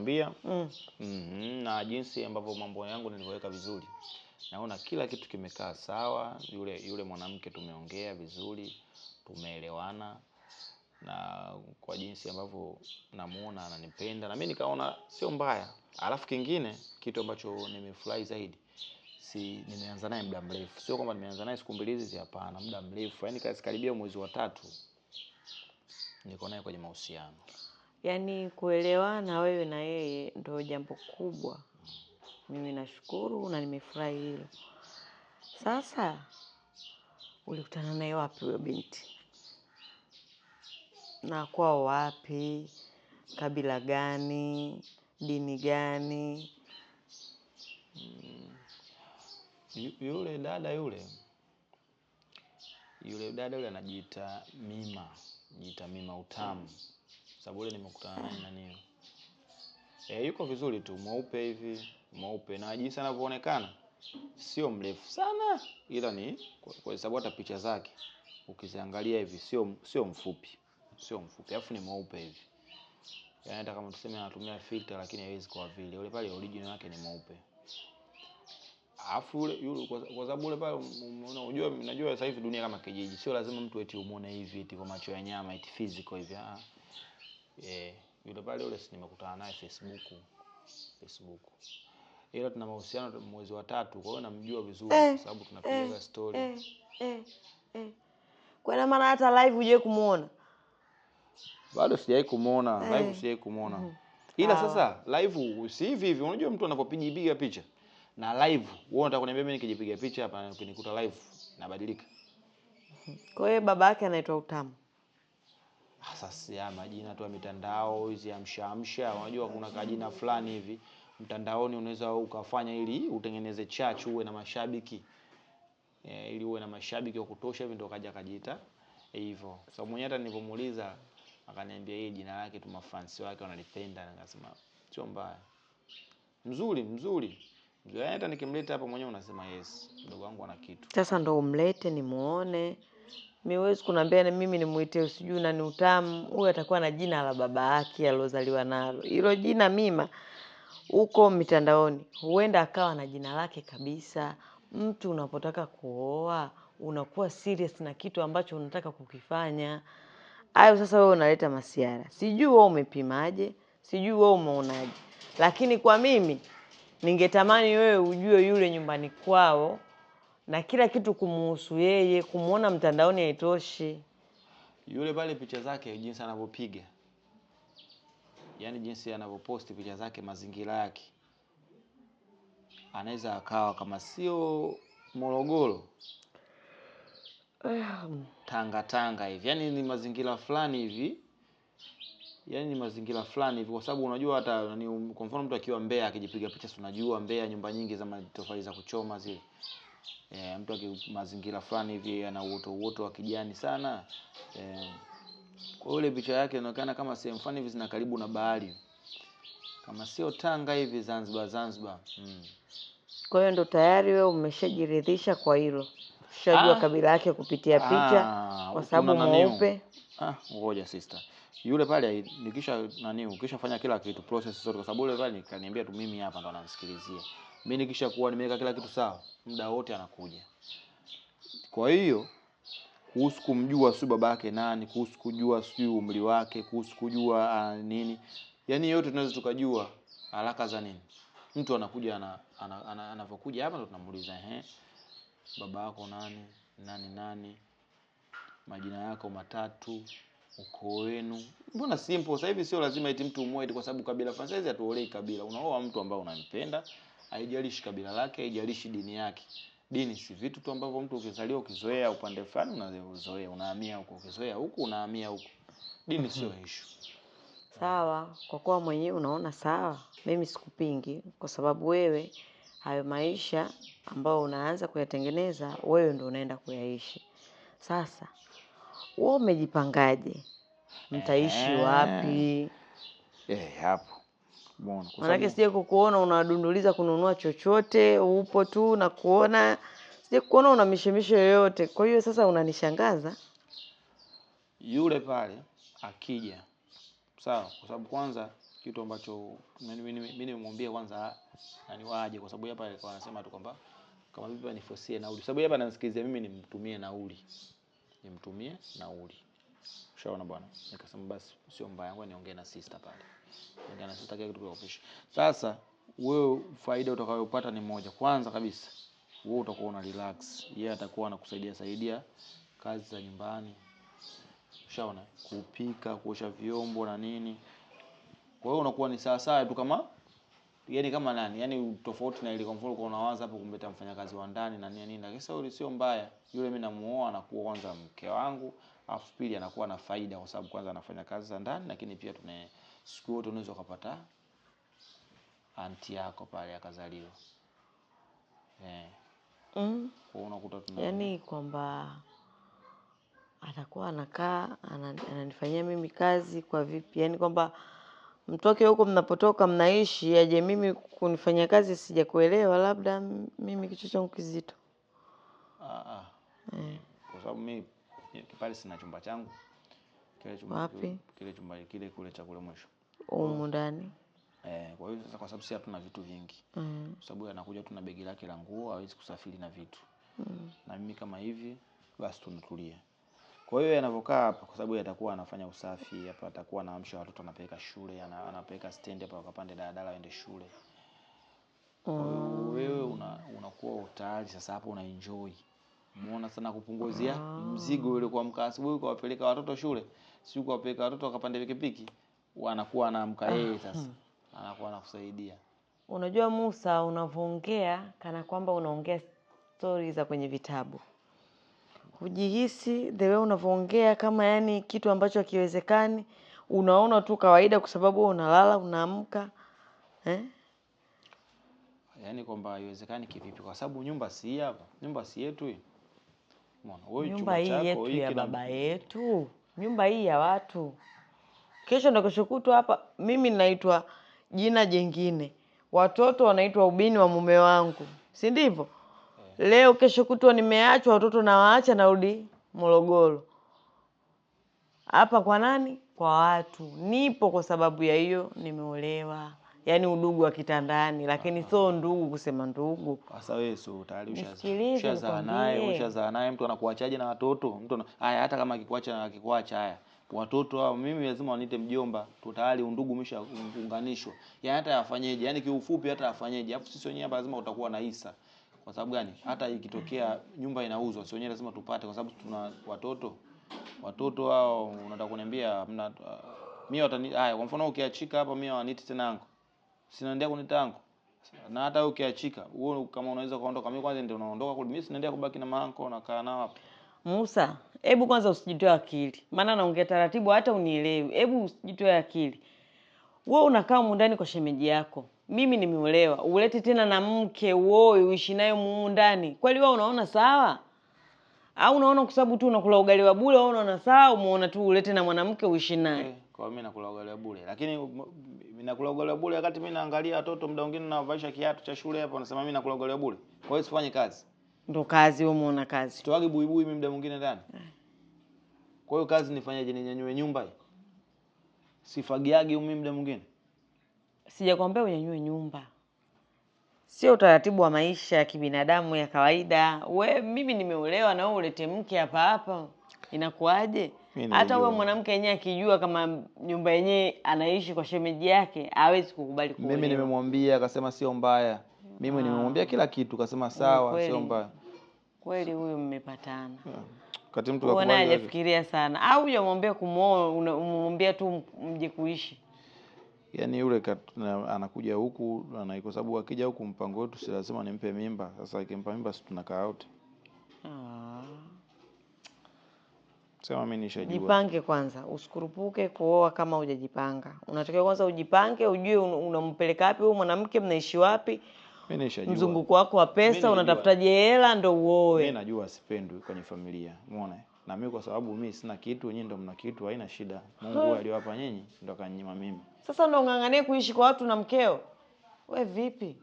nilivyokuambia mm. mm -hmm. na jinsi ambavyo mambo yangu nilivyoweka vizuri, naona kila kitu kimekaa sawa. Yule yule mwanamke tumeongea vizuri, tumeelewana na kwa jinsi ambavyo namuona ananipenda na mimi nikaona sio mbaya. Alafu kingine kitu ambacho nimefurahi zaidi si nimeanza naye muda mrefu, sio kwamba nimeanza naye siku mbili hizi, hapana, muda mrefu, yaani karibia mwezi wa tatu niko naye kwenye mahusiano. Yaani kuelewana wewe na yeye ndo jambo kubwa. Mimi nashukuru na nimefurahi hilo. Sasa ulikutana naye wapi huyo binti? Na kwao wapi? Kabila gani? Dini gani? Yule dada yule. Yule dada yule anajiita Mima. jiita Mima Utamu sababu ile nimekutana naye nani e, yuko vizuri tu mweupe hivi mweupe na jinsi anavyoonekana sio mrefu sana ila ni kwa, sababu hata picha zake ukiziangalia hivi sio sio mfupi sio mfupi alafu ni mweupe hivi yaani hata kama tuseme anatumia filter lakini haiwezi kwa vile yule pale original yake ni mweupe alafu yule kwa sababu yule pale unaona, unajua unajua sasa hivi dunia kama kijiji sio lazima mtu eti umuone hivi eti kwa macho ya nyama eti physical hivi ah eh, yule pale yule nimekutana naye Facebook Facebook, ila tuna mahusiano mwezi wa tatu, kwa hiyo namjua vizuri eh, kwa sababu tunapiga eh, story eh, eh, eh. Kwa ina maana hata live uje kumuona bado sijawahi kumuona eh, live sijawahi kumuona mm -hmm. ila ah. sasa live si hivi hivi, unajua mtu anapopiga picha na live, wewe unataka kuniambia mimi nikijipiga picha hapa ukinikuta live nabadilika? Mhm. Kwa hiyo baba yake anaitwa Utamu sasa ya majina tu ya mitandao hizi ya mshamsha, unajua kuna kajina fulani hivi mtandaoni unaweza ukafanya ili utengeneze chachu, uwe na mashabiki e, ili uwe na mashabiki wa kutosha hivi, ndio kaja kajita hivyo. E, sababu so, mwenyewe hata nilipomuuliza akaniambia hii jina lake tu mafansi wake wanalipenda, nikasema sio mbaya, mzuri mzuri mzuri. Hata nikimleta hapa mwenyewe unasema yes, mdogo wangu ana kitu. Sasa ndo umlete nimuone, miwezi kunambia na mimi nimwite sijui nani utamu, huyu atakuwa na jina la baba yake aliozaliwa nalo. Hilo jina Mima huko mitandaoni, huenda akawa na jina lake kabisa. Mtu unapotaka kuoa unakuwa serious na kitu ambacho unataka kukifanya. Hayo sasa wewe unaleta masiara, sijui wewe umepimaje, sijui wewe umeonaje, lakini kwa mimi ningetamani wewe ujue yule nyumbani kwao na kila kitu kumuhusu yeye, kumuona mtandaoni haitoshi. Yule pale picha zake, jinsi anavyopiga, yaani jinsi anavyoposti picha zake, mazingira yake, anaweza akawa kama sio Morogoro, ehm. Tanga Tanga hivi, yaani ni mazingira fulani hivi yaani ni mazingira fulani hivi, kwa sababu unajua hata ni kwa mfano mtu akiwa Mbeya akijipiga picha, si unajua Mbeya nyumba nyingi za matofali za kuchoma zile, e, mtu aki mazingira fulani hivi ana uoto uoto wa kijani sana e, kwa ile picha yake inaonekana kama sehemu fulani hivi zina karibu na bahari kama sio Tanga hivi Zanzibar, Zanzibar mm. Kwa hiyo ndo tayari wewe umeshajiridhisha kwa hilo, ushajua ah. kabila yake kupitia ah, picha, kwa sababu mweupe. Ah, ngoja sister, yule pale nikisha nani, ukishafanya kila kitu process zote, kwa sababu yule pale kaniambia tu mimi hapa ndo ananisikilizia mimi nikisha kuwa nimeweka kila kitu sawa, muda wote anakuja. Kwa hiyo kuhusu kumjua si babake nani, kuhusu kujua si umri wake, kuhusu kujua uh, nini, yani yote tunaweza tukajua haraka za nini. Mtu anakuja anavyokuja ana, ana, ana, hapa ndo tunamuuliza ehe, baba yako nani nani nani, majina yako matatu, ukoo wenu. Mbona simple sasa hivi, sio lazima eti mtu umoe kwa sababu kabila. Fransaizi hatuolei kabila, unaoa mtu ambaye unampenda haijalishi kabila lake, haijalishi dini yake. Dini si vitu tu ambavyo mtu ukizaliwa ukizoea upande fulani unazoea unahamia huko, ukizoea huku unahamia huko. Dini sio hisho mhm. Sawa, kwa kuwa mwenyewe unaona sawa, mimi sikupingi, kwa sababu wewe hayo maisha ambayo unaanza kuyatengeneza wewe ndio unaenda kuyaishi. Sasa wewe umejipangaje? Mtaishi wapi? Eh, hapo Maanake sija kukuona unadunduliza kununua chochote, upo tu na kuona, sija kuona una mishemisho yoyote. Kwa hiyo sasa unanishangaza. Yule pale akija, sawa, kwa sababu kwanza kitu ambacho mimi nimemwambia kwanza nani waje, kwa sababu hapa alikuwa anasema tu kwamba kama vipi anifosie nauli, sababu hapa ananisikilizia mimi nimtumie nauli, nimtumie nauli. Ushaona bwana, nikasema basi sio mbaya, ngoja niongee na sister pale, niongee na sister kitu kwa ofisi. Sasa wewe faida utakayopata ni moja, kwanza kabisa wewe utakuwa una relax, yeye yeah, atakuwa anakusaidia saidia kazi za nyumbani, ushaona, kupika, kuosha vyombo na nini. Kwa hiyo unakuwa ni sawa sawa tu kama yani kama nani Yaani tofauti na ile kwa mfano unawaza hapo kumbe mfanyakazi wa ndani na nini nini, lakini sio sio mbaya. Yule mimi namuoa anakuwa kwanza mke wangu, alafu pili anakuwa na faida kwa sababu kwanza anafanya kazi za ndani, lakini pia tuna siku yote unaweza ukapata anti yako pale akazaliwa eh. Mm. Kwa unakuta tuna Yani kwamba atakuwa anakaa ananifanyia mimi kazi kwa vipi, yani kwamba mtoke huko mnapotoka mnaishi, aje mimi kunifanyia kazi, sijakuelewa, labda mimi kichwa changu kizito. Ah, ah. Eh. Kwa sababu mimi pale sina chumba changu. Kile chumba wapi? Kile chumba kile kule cha kule mwisho. Humu ndani. Eh, kwa hiyo sasa kwa sababu sisi hatuna vitu vingi. Mm. Kwa sababu anakuja tu na begi lake la nguo, hawezi kusafiri na vitu. Mm. Na mimi kama hivi basi tunatulia. Kwa hiyo yanavyokaa hapa kwa sababu yatakuwa anafanya usafi, hapa atakuwa anaamsha watoto anapeleka shule, anapeleka stendi hapa wakapande daladala waende shule. Kwa hiyo mm. wewe unakuwa una tayari sasa hapo una enjoy muona sana kupunguzia ah. mzigo ule kwa mka asubuhi kuwapeleka watoto shule, si kuwapeleka watoto wakapande pikipiki, anakuwa anaamka ah. yeye sasa anakuwa anakusaidia. Unajua Musa, unavyoongea kana kwamba unaongea stori za kwenye vitabu, kujihisi the way unavyoongea kama yani kitu ambacho hakiwezekani, unaona tu kawaida, kwa sababu unalala unaamka eh? Yaani kwamba haiwezekani kivipi? Kwa sababu nyumba si hapa, nyumba si yetu hii nyumba hii yetu ya baba yetu, nyumba hii ya watu. Kesho na kesho kutwa hapa mimi naitwa jina jengine, watoto wanaitwa ubini wa mume wangu, si ndivyo? Eh. Leo kesho kutwa nimeachwa, watoto nawaacha, narudi Morogoro. Hapa kwa nani? Kwa watu. Nipo kwa sababu ya hiyo, nimeolewa yani udugu wa kitandani, lakini ah. sio ndugu kusema ndugu. Sasa wewe sio tayari ushazaa naye, ushazaa naye, mtu anakuachaje na watoto? Mtu haya, hata kama akikuacha na akikuacha, haya watoto hao, mimi lazima wanite mjomba tu, tayari undugu umeshaunganishwa. Yani hata afanyeje, yani kiufupi, hata afanyeje, afu sisi wenyewe hapa lazima utakuwa na isa. Kwa sababu gani? Hata ikitokea nyumba inauzwa, sisi wenyewe lazima tupate, kwa sababu tuna watoto. Watoto hao unataka kuniambia mna ah, mimi watani haya, kwa mfano ukiachika hapa, mimi hawaniti tena yangu sinaendea kwenye tangu na hata ukiachika huo kama unaweza kuondoka, mimi kwanza ndio naondoka kule, mimi sinaendea kubaki na maanko na kaa nao hapo. Musa, hebu kwanza usijitoe akili, maana naongea taratibu hata unielewi. Hebu usijitoe akili, wewe unakaa mundani kwa shemeji yako, mimi nimeolewa, ulete tena na mke woi uishi naye mundani Kweli wewe unaona sawa au unaona kwa sababu tu unakula ugali wa bure, au unaona sawa? Umeona tu ulete na mwanamke uishi naye okay. Eh. Kwa mimi nakula ugali wa bure. Lakini mimi nakula ugali wa bure wakati mimi naangalia watoto muda mwingine nawavaisha kiatu cha shule hapo nasema mimi nakula ugali wa bure. Kwa hiyo sifanye kazi. Ndo kazi wewe umeona kazi. Toagi buibui mimi muda mwingine ndani. Eh. Kwa hiyo kazi nifanyaje ninyanyue nyumba hii? Sifagiagi mimi muda mwingine. Sijakwambia unyanyue nyumba. Sio utaratibu wa maisha ya kibinadamu ya kawaida. We mimi nimeolewa na wewe ulete mke hapa hapa. Inakuwaje? hata huyo mwanamke yenyewe akijua kama nyumba yenyewe anaishi kwa shemeji yake hawezi kukubali Mimi nimemwambia akasema sio mbaya. Mimi ah. nimemwambia kila kitu akasema sawa, sio mbaya. Kweli huyo mmepatana ah. Kati mtu hajafikiria sana, au hujamwambia kumwoa, unamwambia tu mje kuishi yani yule anakuja huku ana, kwa sababu akija huku mpango wetu si lazima nimpe mimba. Sasa akimpa mimba, si tunakaa wote ah sema mimi nishajua. Jipange kwanza, usikurupuke kuoa kama hujajipanga. Unatakiwa kwanza ujipange, ujue unampeleka wapi huyu mwanamke, mnaishi wapi, mzunguko wako wa pesa, unatafutaje hela ndo uoe. Mimi najua sipendwi kwenye familia, umeona na mimi kwa sababu mimi sina kitu, nyinyi ndo mna kitu, haina shida. Mungu hmm. aliwapa nyinyi, ndo akanyima mimi. Sasa ndo ng'ang'anie kuishi kwa watu na mkeo, we vipi?